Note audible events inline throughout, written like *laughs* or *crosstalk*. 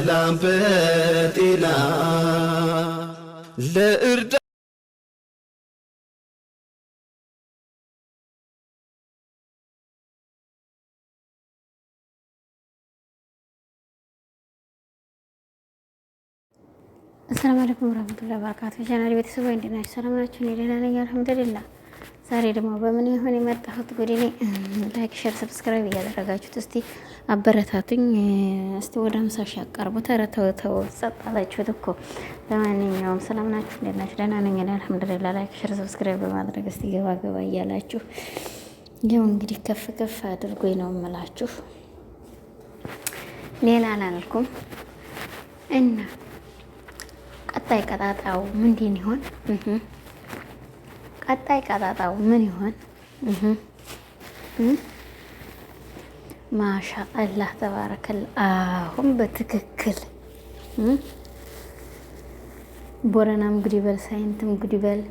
በሰላም በጤና ለእርዳ አሰላሙ አለይኩም ወራህመቱላሂ ወበረካቱሁ። ቻናል ቤተሰቦች እንዴት ናችሁ? ሰላም ናችሁ? እኔ ደህና ነኝ፣ አልሐምዱሊላህ ዛሬ ደግሞ በምን ይሆን የመጣሁት? ጉድ ላይክ፣ ሸር፣ ሰብስክራይብ እያደረጋችሁት እስቲ አበረታቱኝ። እስቲ ወደ አምሳ ሺህ አቀርቡ። ኧረ ተው እኮ። ለማንኛውም ሰላም ናችሁ? እንዴት ናችሁ? ደህና ነኝ አልሐምዱሊላህ። ላይክ፣ ሸር፣ ሰብስክራይብ በማድረግ እስቲ ገባ ገባ እያላችሁ ይኸው እንግዲህ ከፍ ከፍ አድርጎኝ ነው የምላችሁ። ሌላ አላልኩም እና ቀጣይ ቀጣጣው ምንድን ይሆን? ቀጣይ ቀጣጣው ምን ይሆን? ማሻ አላህ ተባረከል። አሁን በትክክል ቦረናም ጉዲበል ሳይንትም ጉዲበል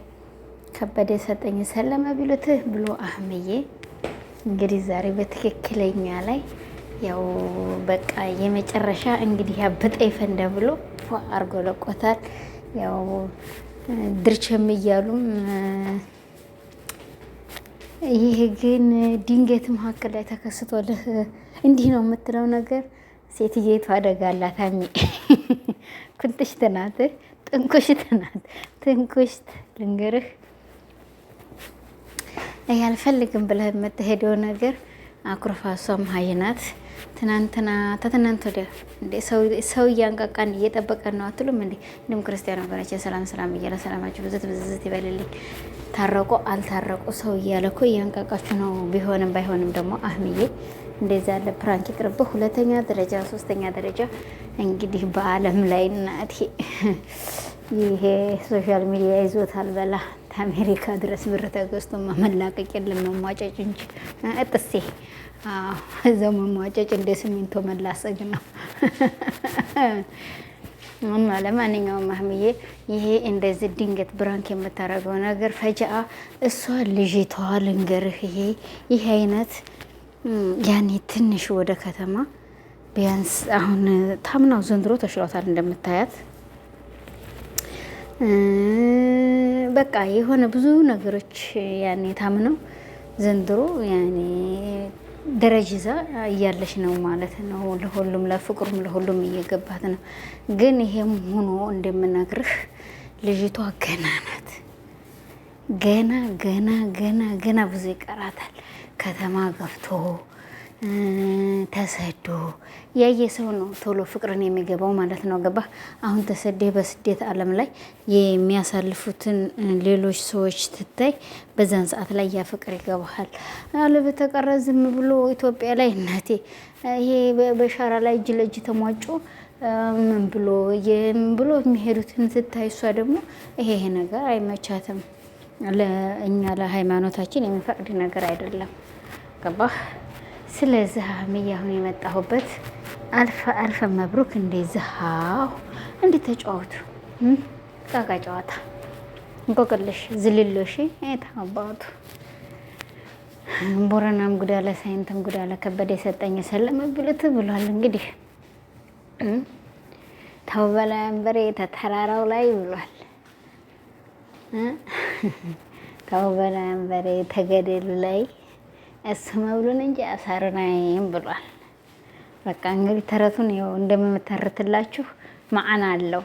ከበደ ሰጠኝ ሰለመ ቢሉትህ ብሎ አህምዬ እንግዲህ ዛሬ በትክክለኛ ላይ ያው በቃ የመጨረሻ እንግዲህ ያበጠ ይፈንደ ብሎ አርጎ ለቆታል ያው ድርቸም እያሉም ይህ ግን ድንገት መካከል ላይ ተከስቶልህ እንዲህ ነው የምትለው ነገር ሴትዬቱ አደጋ አላት። አሚ ኩንጥሽት ናት፣ ጥንቁሽት ናት። ልንገርህ ያልፈልግም ብለህ የምትሄደው ነገር አኩርፋሷም ሀይናት ሀይ ናት። ትናንትና ተትናንት ወደ እንዴ ሰው እያንቃቃን እየጠበቀን ነው አትሉም እንዴ? እንዲሁም ክርስቲያን ወገናችን ሰላም ሰላም እያለ ሰላማችሁ ብዝት ብዝት ይበልልኝ። ታረቆ አልታረቁ ሰው እያለ እኮ እያንቃቃችሁ ነው። ቢሆንም ባይሆንም ደግሞ አህምዬ እንደዚ ያለ ፕራንክ ይቅርብ። ሁለተኛ ደረጃ ሶስተኛ ደረጃ እንግዲህ በአለም ላይ እናቴ ይሄ ሶሻል ሚዲያ ይዞታል በላ አሜሪካ ድረስ ብር ተገዝቶ መመላቀቅ የለም መሟጫጭ እንጂ እጥሴ እዛው መሟጨጭ እንደ ስሚንቶ መላሰግ ነው። እና ለማንኛውም ማህምዬ ይሄ እንደዚህ ድንገት ብራንክ የምታደርገው ነገር ፈጃአ እሷ ልጅቷ ልንገርህ፣ ይሄ ይህ አይነት ያኔ ትንሽ ወደ ከተማ ቢያንስ አሁን ታምናው ዘንድሮ ተሽሏታል እንደምታያት በቃ የሆነ ብዙ ነገሮች ያኔ ታምነው ዘንድሮ ያኔ ደረጃ ይዛ እያለች ነው ማለት ነው። ለሁሉም ለፍቅሩም ለሁሉም እየገባት ነው። ግን ይሄም ሆኖ እንደምነግርህ ልጅቷ ገና ናት። ገና ገና ገና ገና ብዙ ይቀራታል ከተማ ገብቶ ተሰዶ ያየ ሰው ነው ቶሎ ፍቅርን የሚገባው ማለት ነው። ገባ አሁን ተሰደህ በስደት ዓለም ላይ የሚያሳልፉትን ሌሎች ሰዎች ትታይ፣ በዛን ሰዓት ላይ ያ ፍቅር ይገባሃል። አለበተቀረ ዝም ብሎ ኢትዮጵያ ላይ እናቴ ይሄ በሻራ ላይ እጅ ለእጅ ተሟጩ ምን ብሎ ምን ብሎ የሚሄዱትን ትታይ እሷ ደግሞ ይሄ ይሄ ነገር አይመቻትም። ለእኛ ለሃይማኖታችን የሚፈቅድ ነገር አይደለም። ገባህ ስለዚህ አህምዬ አሁን የመጣሁበት አልፈ አልፈ መብሩክ እንደዛው እንዴት ተጫወቱ ቃቃ ጨዋታ እንቆቅልሽ ዝልሎሽ ታባቱ ቦረናም ጉዳለ ሳይንትም ጉዳለ ከበደ የሰጠኝ የሰለመ ብልት ብሏል። እንግዲህ ተውበላ አንበሬ ተተራራው ላይ ብሏል። ተውበላ አንበሬ ተገደሉ ላይ እስመብሉን እንጂ አሳርናይም ብሏል። በቃ እንግዲህ ተረቱን ይኸው እንደምመተርትላችሁ ማዕና አለው።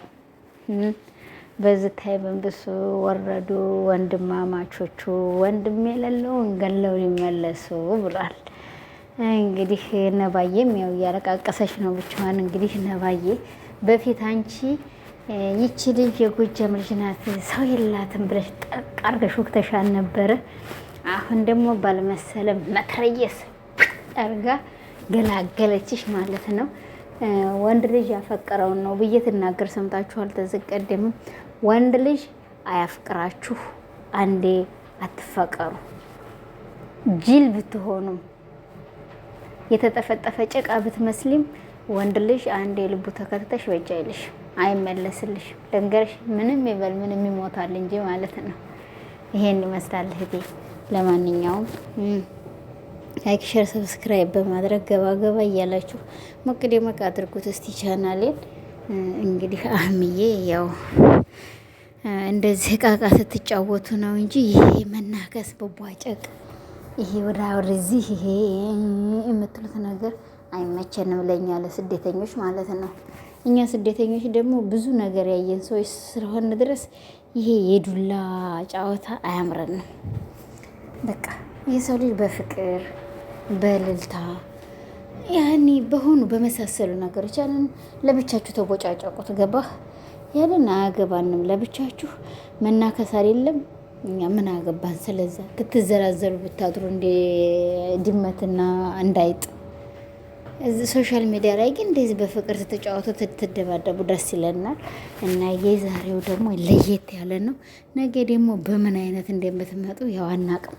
ታይ በንብሱ ወረዱ ወንድማማቾቹ ወንድም የሌለውን ገለው ሊመለሱ ብሏል። እንግዲህ ነባዬም ያው እያለቃቀሰች ነው ብቻዋን። እንግዲህ ነባዬ በፊት አንቺ ይቺ ልጅ የጎጃም ልጅ ናት ሰው የላትም ብለሽ ጠቅ አድርገሽ ወቅተሻል ነበረ አሁን ደግሞ ባልመሰለ መትረየስ አድርጋ ገላገለችሽ ማለት ነው። ወንድ ልጅ ያፈቀረውን ነው ብዬ ትናገር ሰምታችኋል። ተዘቀደምም ወንድ ልጅ አያፍቅራችሁ አንዴ አትፈቀሩ። ጅል ብትሆኑም የተጠፈጠፈ ጭቃ ብትመስሊም ወንድ ልጅ አንዴ ልቡ ተከትተሽ በጃ አይልሽ አይመለስልሽ። ልንገርሽ ምንም ይበል ምንም ይሞታል እንጂ ማለት ነው። ይሄን ይመስላል እህቴ። ለማንኛውም ላይክ፣ ሸር፣ ሰብስክራይብ በማድረግ ገባ ገባ እያላችሁ ሞቅ ደመቅ አድርጉት እስቲ ቻናሌን። እንግዲህ አህምዬ ያው እንደዚህ እቃቃ ስትጫወቱ ነው እንጂ ይሄ መናከስ በቧጨቅ ይሄ ወዳ ወደዚህ ይሄ የምትሉት ነገር አይመቸንም ለእኛ ለስደተኞች ማለት ነው። እኛ ስደተኞች ደግሞ ብዙ ነገር ያየን ሰዎች ስለሆን ድረስ ይሄ የዱላ ጨዋታ አያምረንም። በቃ የሰው ልጅ በፍቅር በልልታ ያኔ በሆኑ በመሳሰሉ ነገሮች ያንን ለብቻችሁ ተቦጫጫቁት። ገባህ? ያንን አያገባንም። ለብቻችሁ መናከሳር የለም እኛ ምን አገባን? ስለዛ ብትዘራዘሩ ብታድሩ እንደ ድመትና እንዳይጥ። ሶሻል ሚዲያ ላይ ግን እንደዚህ በፍቅር ስትጫወቱ ትደባደቡ ደስ ይለናል። እና የዛሬው ደግሞ ለየት ያለ ነው። ነገ ደግሞ በምን አይነት እንደምትመጡ ያው አናቅም።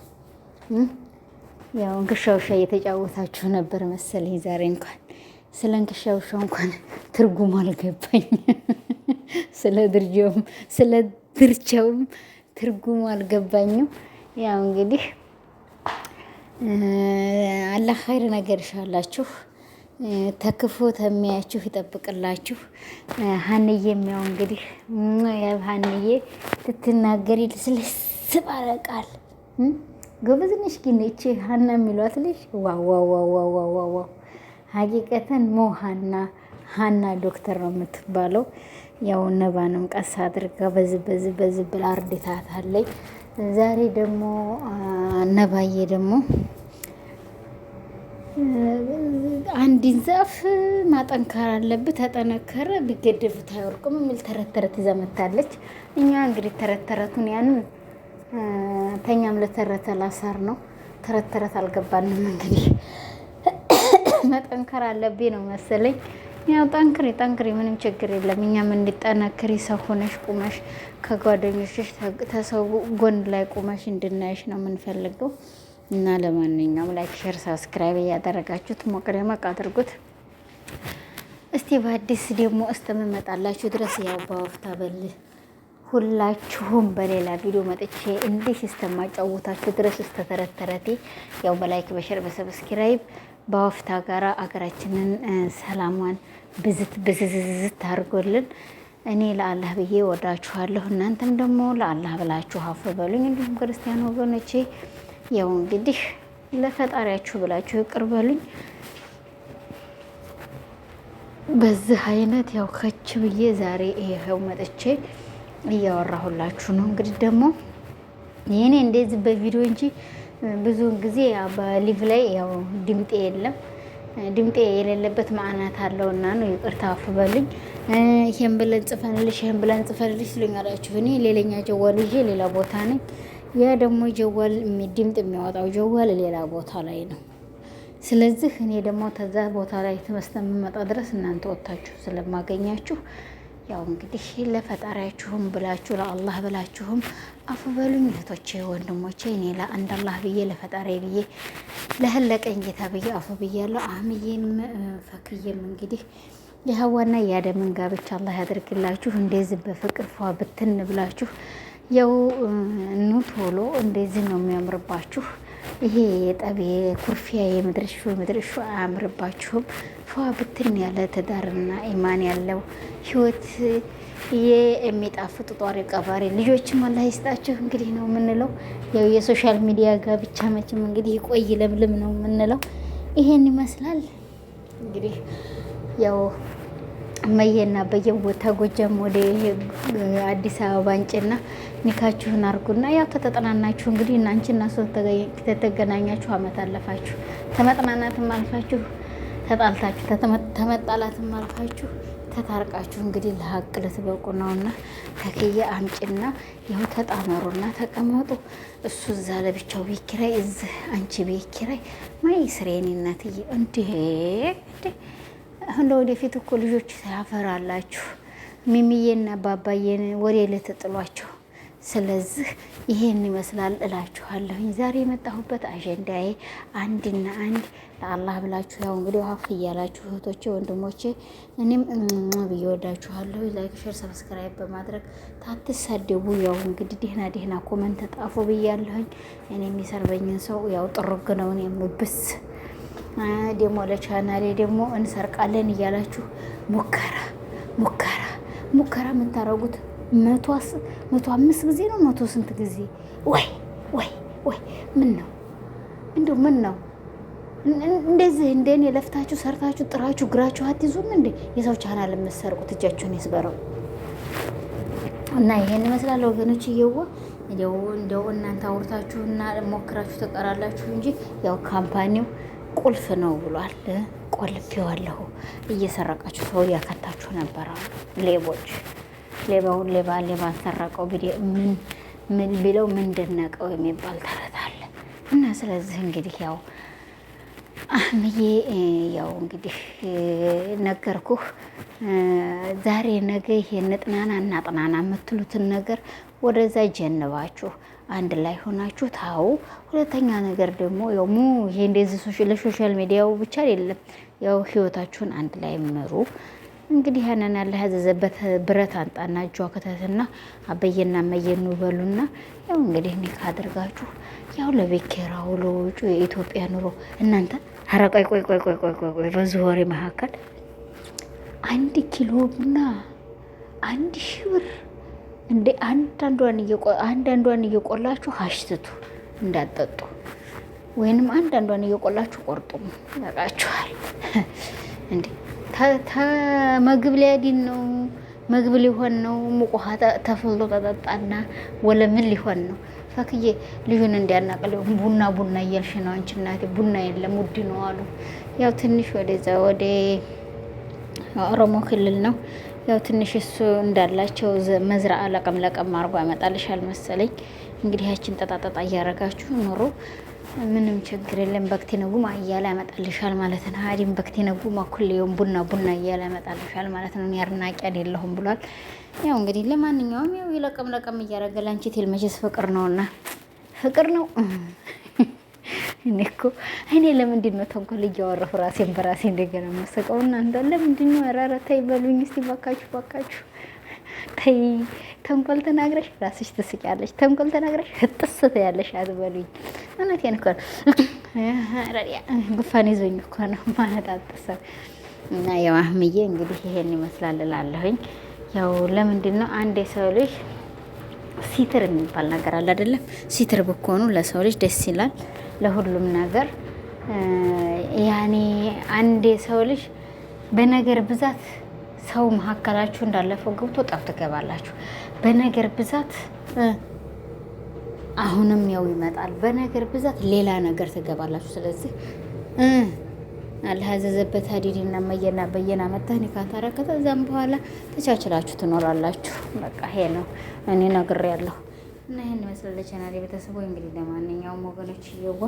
ያው እንክሻ ውሻ እየተጫወታችሁ ነበር መሰለኝ። ዛሬ እንኳን ስለ እንክሻ ውሻ እንኳን ትርጉም አልገባኝ፣ *laughs* ስለ ስለ ድርቻውም ትርጉሙ አልገባኝም። ያው እንግዲህ አላህ ኸይር ነገር ይሻላችሁ፣ ተክፎ ተሚያችሁ ይጠብቅላችሁ። ሀንዬም ያው እንግዲህ ያው ሀንዬ ትትናገሪ ልስልስ ባለ ጎበዝ ግን እቺ ሀና የሚሏት ልጅ ዋዋዋዋዋዋዋ ሀቂቀተን ሞ ሀና ሀና ዶክተር ነው የምትባለው። ያው ነባንም ቀስ አድርጋ በዝ በዝ ብላ አርድታት አለኝ። ዛሬ ደግሞ ነባዬ ደግሞ አንድን ዛፍ ማጠንከር አለብህ፣ ተጠነከረ ቢገደፉት አይወርቁም የሚል ተረት ተረት ይዛ መታለች። እኛ እንግዲህ ተረት ተረቱን ያንን ተኛም ለተረተ ላሳር ነው። ተረት ተረት አልገባንም። እንግዲህ *coughs* መጠንከር አለብኝ ነው መሰለኝ። ያው ጠንክሪ ጠንክሪ፣ ምንም ችግር የለም። እኛም እንድጠነክሪ ሰው ሆነሽ ቁመሽ ከጓደኞችሽ ተሰው ጎን ላይ ቁመሽ እንድናይሽ ነው የምንፈልገው እና ለማንኛውም ላይክ፣ ሼር፣ ሳብስክራይብ እያደረጋችሁት ሞቅ ደመቅ አድርጉት። እስቲ በአዲስ ደግሞ እስከምመጣላችሁ ድረስ ያው በወፍታ በል ሁላችሁም በሌላ ቪዲዮ መጥቼ እንዲህ ሲስተም ማጫወታችሁ ድረስ እስተተረተረቴ ያው በላይክ በሸር በሰብስክራይብ በወፍታ ጋራ አገራችንን ሰላሟን ብዝት ብዝዝዝት አድርጎልን እኔ ለአላህ ብዬ ወዳችኋለሁ። እናንተም ደግሞ ለአላህ ብላችሁ አፍ በሉኝ። እንዲሁም ክርስቲያን ወገኖቼ ያው እንግዲህ ለፈጣሪያችሁ ብላችሁ ይቅር በሉኝ። በዚህ አይነት ያው ከች ብዬ ዛሬ ይኸው መጥቼ እያወራሁላችሁ ነው። እንግዲህ ደግሞ ይህኔ እንደዚህ በቪዲዮ እንጂ ብዙውን ጊዜ በሊቭ ላይ ያው ድምጤ የለም። ድምጤ የሌለበት ማዕናት አለውና ነው። ይቅርታ አፍበልኝ። ይህን ብለን ጽፈንልሽ ስሉኛላችሁ። እኔ ሌላኛ ጀዋል ይዤ ሌላ ቦታ ነኝ። ያ ደግሞ ጀዋል ድምጥ የሚያወጣው ጀዋል ሌላ ቦታ ላይ ነው። ስለዚህ እኔ ደግሞ ተዛ ቦታ ላይ ተመስተን የምመጣ ድረስ እናንተ ወጥታችሁ ስለማገኛችሁ ያው እንግዲህ ለፈጣሪያችሁም ብላችሁ ለአላህ ብላችሁም አፉ በሉኝ እህቶቼ ወንድሞቼ። እኔ ለአንድ አላህ ብዬ ለፈጣሪ ብዬ ለህለቀኝ ጌታ ብዬ አፉ ብያለሁ። አህምዬም ፈክዬም እንግዲህ የሀዋና የአደምን ጋብቻ አላህ ያደርግላችሁ። እንደዚህ በፍቅር ፏ ብትን ብላችሁ ያው ኑ ቶሎ እንደዚህ ነው የሚያምርባችሁ። ይሄ የጠብ ኩርፊያ የምድርሹ ምድርሹ አያምርባችሁም። ፏ ብትን ያለ ትዳርና ኢማን ያለው ህይወት የሚጣፍጡ ጧሪ ቀባሪ ልጆችም አላህ ይስጣችሁ እንግዲህ ነው የምንለው። ያው የሶሻል ሚዲያ ጋር ብቻ መቼም እንግዲህ ቆይ ለምልም ነው የምንለው። ይሄን ይመስላል እንግዲህ ያው መየና በየቦታ ጎጃም ወደ አዲስ አበባ እንጭና ኒካችሁን አርጉና ያው ተተጠናናችሁ እንግዲህ እናንችና ሰው ተገናኛችሁ አመት አለፋችሁ። ተመጥናናትም አልፋችሁ ተጣልታችሁ ተመጣላትም አልፋችሁ ተታርቃችሁ እንግዲህ ለሀቅ ልትበቁ ነውና ተክዬ አምጪና ይኸው ተጣመሩና ተቀመጡ። እሱ እዛ ለብቻው ቤት ኪራይ፣ እዚህ አንቺ ቤት ኪራይ ማይ ስሬኔ እናትዬ እንዲህ አሁን ለወደፊት እኮ ልጆች ታፈራላችሁ። ሚሚዬና ባባዬን ወሬ ልትጥሏቸው። ስለዚህ ይሄን ይመስላል እላችኋለሁኝ። ዛሬ የመጣሁበት አጀንዳዬ አንድና አንድ ለአላህ ብላችሁ ያው እንግዲህ ሀፍ እያላችሁ እህቶቼ፣ ወንድሞቼ እኔም ብዬ ወዳችኋለሁ። ላይክ፣ ሼር፣ ሰብስክራይብ በማድረግ ታትሳደቡ። ያው እንግዲህ ደህና ደህና ኮመንት ጣፉ ብያለሁኝ። እኔ የሚሰርበኝን ሰው ያው ጥሩግ ነውን የምብስ ደግሞ ለቻናሌ ደግሞ እንሰርቃለን እያላችሁ ሙከራ ሙከራ ሙከራ የምታረጉት መቶ አምስት ጊዜ ነው መቶ ስንት ጊዜ ወይ ወይ ወይ ምን ነው እንዲሁ ምን ነው እንደዚህ እንደኔ ለፍታችሁ ሰርታችሁ ጥራችሁ ግራችሁ አትይዙም እንዴ የሰው ቻናል የምትሰርቁት እጃችሁን ይስበረው እና ይሄን ይመስላል ወገኖች እየዋ እንደው እንደው እናንተ አውርታችሁና ሞክራችሁ ትቀራላችሁ እንጂ ያው ካምፓኒው ቁልፍ ነው ብሏል። ቆልፌዋለሁ። እየሰረቃችሁ ሰው እያከታችሁ ነበረ። ሌቦች ሌባውን ሌባ ሌባን ሰረቀው ምን ቢለው ምን ደነቀው የሚባል ተረት አለ እና ስለዚህ እንግዲህ ያው አህምዬ ያው እንግዲህ ነገርኩህ። ዛሬ ነገ ይሄን ጥናና እናጥናና የምትሉትን ነገር ወደዛ ጀንባችሁ አንድ ላይ ሆናችሁ ታው። ሁለተኛ ነገር ደግሞ ያው ሙ ይሄ እንደዚህ ለሶሻል ሚዲያው ብቻ አይደለም፣ ያው ህይወታችሁን አንድ ላይ ምሩ። እንግዲህ ያንን ያለ ያዘዘበት ብረት አንጣና እጇ ከተትና አበየና መየኑ በሉና ያው እንግዲህ ኒካ አድርጋችሁ ያው ለቤኬራ ውሎ ውጩ የኢትዮጵያ ኑሮ እናንተ ኧረ ቆይ ቆይ ቆይ ቆይ ቆይ ቆይ በዚህ ወሬ መካከል አንድ ኪሎ ቡና አንድ ሺህ ብር እንዴ አንዳንዷን እየቆላችሁ አሽትቱ እንዳጠጡ ወይንም አንዳንዷን እየቆላችሁ ቆርጡም ይበቃችኋል። *laughs* እንዴ ምግብ ሊያዲን ነው ምግብ ሊሆን ነው ሙቁሃ ተፍሎ ተጠጣና ወለ ምን ሊሆን ነው? ፈክዬ ልዩን እንዲያናቅል ቡና ቡና እያልሽ ነው አንቺ እናቴ። ቡና የለም ውድ ነው አሉ። ያው ትንሽ ወደዛ ወደ ኦሮሞ ክልል ነው ያው ትንሽ እሱ እንዳላቸው መዝራአ ለቀም ለቀም አርጎ ያመጣልሻል መሰለኝ። እንግዲህ ያችን ጠጣጠጣ እያረጋችሁ ኑሮ ምንም ችግር የለም። በክቴነጉማ እያለ ያመጣልሻል ማለት ነው። ሀዲም በክቴነጉማ ኩሌውን ቡና ቡና እያለ ያመጣልሻል ማለት ነው። ያርናቂ አይደለሁም ብሏል። ያው እንግዲህ ለማንኛውም ያው የለቀም ለቀም እያረገ ላንቺ ቴል መቼስ ፍቅር ነውና ፍቅር ነው። እኔ እኮ እኔ ለምንድን ነው ተንኮል እያወራሁ ራሴን በራሴ እንደገና መሰቀው እና ለምንድን ነው ኧረ ተይ በሉኝ እስቲ ባካችሁ ባካችሁ። ተይ ተንኮል ተናግረሽ ራስሽ ትስቂያለሽ፣ ተንኮል ተናግረሽ ህጥስ ትያለሽ። አትበሉኝ። እውነቴን እኮ ጉፋን ይዞኝ እኮ ነው ማለት አልጥሰም እና ያው አህምዬ እንግዲህ ይሄን ይመስላል እላለሁኝ። ያው ለምንድን ነው አንድ የሰው ልጅ ሲትር የሚባል ነገር አለ አይደለም? ሲትር ብኮኑ ለሰው ልጅ ደስ ይላል። ለሁሉም ነገር ያኔ አንዴ ሰው ልጅ በነገር ብዛት ሰው መካከላችሁ እንዳለፈው ገብቶ ጠብ ትገባላችሁ። በነገር ብዛት አሁንም ያው ይመጣል። በነገር ብዛት ሌላ ነገር ትገባላችሁ። ስለዚህ አላህ ያዘዘበት ሀዲድና መየና በየና መታህ ኒካህ ታረከተ፣ በኋላ ተቻችላችሁ ትኖራላችሁ። በቃ ይሄ ነው እኔ ነግሬያለሁ። እና ይህን ይመስላል ቻናል የቤተሰቡ እንግዲህ ለማንኛውም ወገኖች እየዋ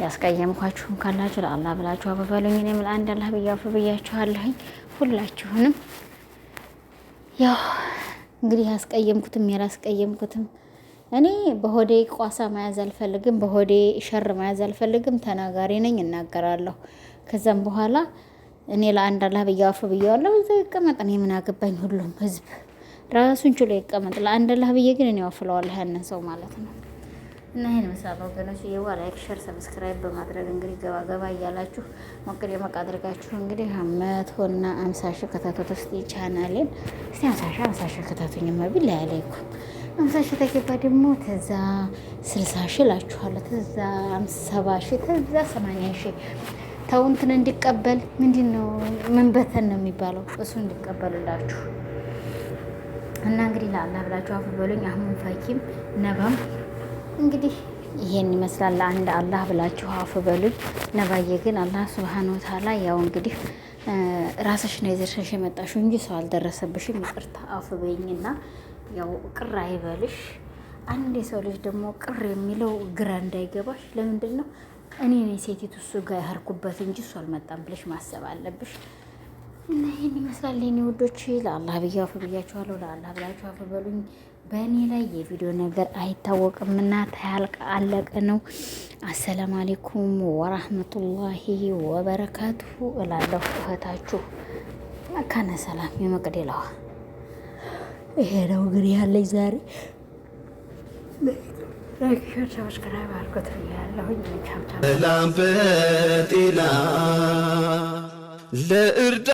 ያስቀየምኳችሁም ካላችሁ ለአላህ ብላችሁ አበበሉኝ። እኔም ለአንድ አላህ ብዬ አፉ ብያችኋለሁኝ። ሁላችሁንም ያው እንግዲህ ያስቀየምኩትም ያላስቀየምኩትም እኔ በሆዴ ቋሳ መያዝ አልፈልግም፣ በሆዴ ሸር መያዝ አልፈልግም። ተናጋሪ ነኝ፣ እናገራለሁ። ከዛም በኋላ እኔ ለአንድ አላህ ብዬ አፉ ብያዋለሁ። እዛ ይቀመጥ፣ እኔ ምን አገባኝ ሁሉም ህዝብ ራሱን ችሎ ይቀመጥ። ለአንድ አላህ ብዬ ግን እኔ ወፍለዋለሁ ያንን ሰው ማለት ነው። እና ይህን መሳብ ወገኖች የዋ ላይክ፣ ሸር፣ ሰብስክራይብ በማድረግ እንግዲህ ገባ ገባ እያላችሁ ሞቅድ የመቅ አድርጋችሁ እንግዲህ መቶና አምሳ ሺህ ከታቶት ውስጥ ቻናሌን እስቲ አምሳ ሺህ አምሳ ሺህ ከታቶኝ መብል ላያለይኩም አምሳ ሺህ ተገባ ደግሞ ተዛ ስልሳ ተዛ ሰባ ተዛ ሰማንያ ተውንትን እንዲቀበል ምንድን ነው መንበተን ነው የሚባለው እሱ እንዲቀበልላችሁ እና እንግዲህ ለአላ ብላችሁ አፉ በሉኝ። አህሙን ፈኪም ነባም እንግዲህ ይሄን ይመስላል። ለአንድ አላህ ብላችሁ አፉ በሉኝ። ነባዬ ግን አላህ ስብሓን ወተዓላ ያው እንግዲህ ራስሽ ነው የዘርሰሽ የመጣሽው እንጂ ሰው አልደረሰብሽም። ይቅርታ አፉ በይኝና ያው ቅር አይበልሽ። አንድ የሰው ልጅ ደግሞ ቅር የሚለው ግራ እንዳይገባሽ ለምንድን ነው እኔ ሴቲቱ እሱ ጋር ያህርኩበት እንጂ እሱ አልመጣም ብለሽ ማሰብ አለብሽ። እና ይህን ይመስላል የኔ ውዶች። ለአላህ ብዬ አፍ ብያችኋለሁ። ለአላህ ብላችሁ አፍ በሉኝ። በእኔ ላይ የቪዲዮ ነገር አይታወቅምና ታያልቅ አለቀ ነው። አሰላም አሌይኩም ወራህመቱላሂ ወበረካቱሁ እላለሁ። እህታችሁ መካነ ሰላም የመቅደላዋ ይሄ ነው እንግዲህ ያለኝ ዛሬ ሰላም በጤና ለእርዳ